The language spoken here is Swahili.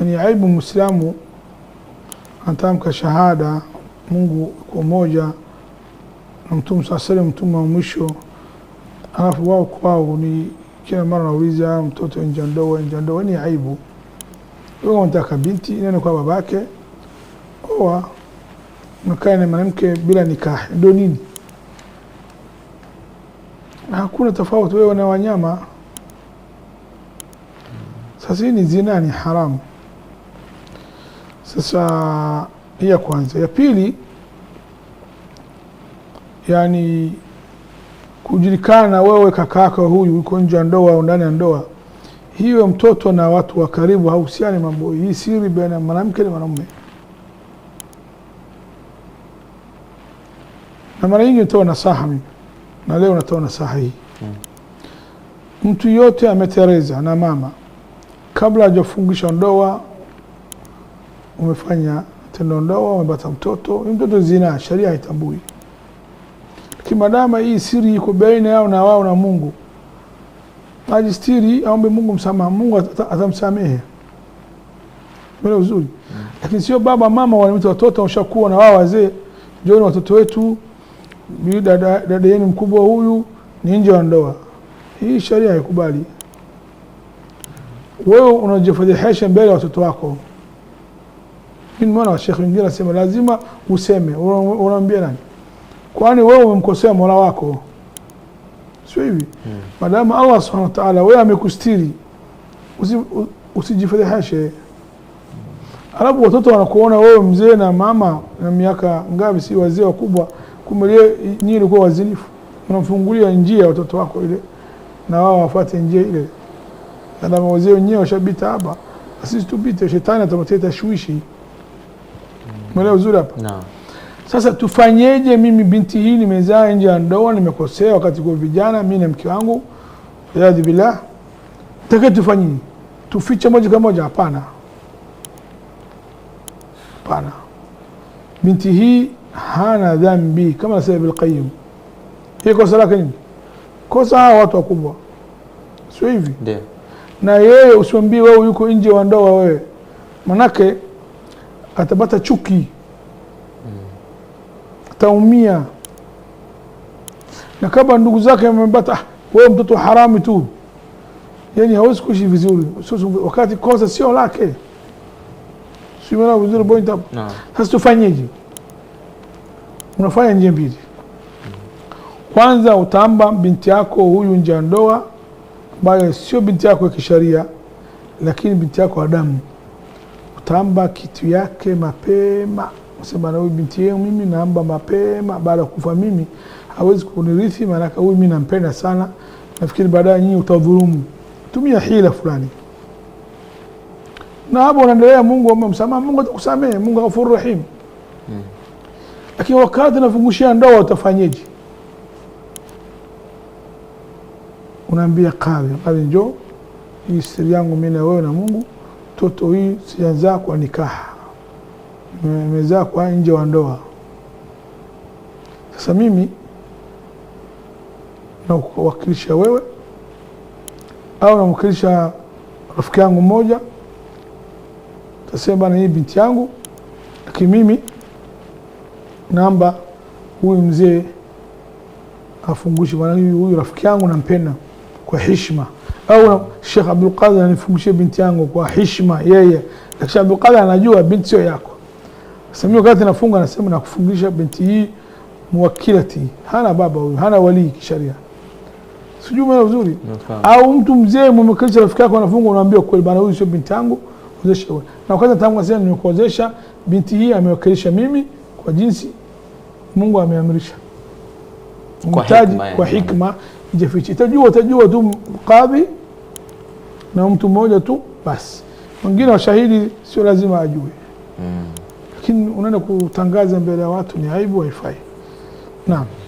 ni yaani aibu Muislamu anatamka shahada Mungu kwa moja na Mtume saa salam, mtume wa mwisho, alafu wao kwao ni kila mara nauliza mtoto nje ndoa nje ndoa, ni aibu. Wewe unataka binti nene kwa babake, oa mkae na mwanamke bila nikah, ndio nini? Hakuna tofauti wewe na wanyama. Sasa hii ni zina, ni haramu. Sasa hii ya kwanza. Ya pili, yani kujulikana wewe kakaka huyu uko nje ya ndoa au ndani ya ndoa, hiyo mtoto na watu wa karibu hauhusiani mambo hii, siri baina mwanamke na mwanaume. Na mara nyingi natoa nasaha mimi, na leo natoa nasaha hii hmm. Mtu yote ametereza na mama kabla hajafungisha ndoa umefanya tendo ndoa, umepata mtoto, ni mtoto zina, sheria haitambui. Lakini madama hii siri iko baina yao na wao na Mungu, ajistiri, aombe Mungu msamaha, Mungu atamsamehe mele uzuri mm. Lakini sio baba mama wanamita watoto, washakuwa na wao wazee, njooni watoto wetu, dada dada yenu mkubwa huyu ni nje ya ndoa. Hii sheria haikubali. Wewe unajifadhihisha mbele ya watoto wako. Mimi mwana wa Sheikh mwingine lazima useme. Unaambia nani? Kwani wewe umemkosea Mola wako? Sio hivi. Hmm. Madama Allah Subhanahu wa Ta'ala wewe amekustiri. Usijifedheheshe. Usi Alafu watoto wanakuona wewe mzee na mama na miaka ngapi, si wazee wakubwa, kumbe nyinyi ilikuwa wazinifu. Unamfungulia njia watoto wako ile, na wao wafuate njia ile, na wazee wenyewe washabita hapa, sisi tupite. Shetani atatuletea tashwishi. Mwelewa uzuri hapa no. Sasa tufanyeje? Mimi binti hii nimezaa nje ya ndoa, nimekosea wakati kwa vijana, mimi na mke wangu, iyadhi billah, take tufanye tufiche moja kwa moja? Hapana, hapana, binti hii hana dhambi, kama nasema Ibn Qayyim, hii kosa lake nini? Kosa hawa watu wakubwa, sio hivi? Ndio na yeye usiambie wewe yuko nje wa ndoa wewe, manake atapata chuki mm. ataumia na kama ndugu zake amepata ah, wewe mtoto harami tu, yani hawezi kuishi vizuri, wakati kosa sio lake. Simeona vizuri point no. Sasa tufanyeje? Unafanya njia mbili. Kwanza utaamba binti yako huyu nje ya ndoa ambayo sio binti yako ya kisharia lakini binti yako wa damu tamba kitu yake mapema, sema na huyu binti yangu mimi naamba mapema, baada ya kufa mimi hawezi kunirithi, maana huyu mimi nampenda sana, nafikiri baadaye nyinyi utadhulumu. Tumia hila fulani, na hapo unaendelea. Mungu ama msamaha, Mungu atakusamehe, Mungu Ghafur Rahim. Hmm. Lakini wakati nafungushia ndoa utafanyeje? Unaambia kadhi, kadhi, njoo hii siri yangu mimi na wewe na Mungu mtoto huyu sijazaa kwa nikaha, nimezaa kwa nje wa ndoa. Sasa mimi nakuwakilisha wewe au namwakilisha rafiki yangu mmoja, tasema na hii binti yangu, lakini mimi naomba huyu mzee afungushi, maana huyu rafiki yangu nampenda kwa heshima au Sheikh Abdul Qadir anifungishie binti yangu kwa heshima yeye, Sheikh Abdul Qadir anajua binti sio yako. Sasa mimi wakati nafunga nasema nakufungisha binti hii muwakilati, hana baba huyu, hana wali kisharia, sijui maana vizuri. Au mtu mzee mumekalisha rafiki yako anafunga, unaambia kweli bana, huyu sio binti yangu, ozesha wewe. Na wakati tangu nasema nimekuozesha binti hii, amewakilisha mimi kwa jinsi Mungu ameamrisha, Kwa hikma, kwa hikma jifichi, itajua utajua tu kadhi na mtu mmoja tu basi, wengine washahidi sio lazima ajue mm. Lakini unaenda kutangaza mbele ya watu ni aibu, haifai. Naam.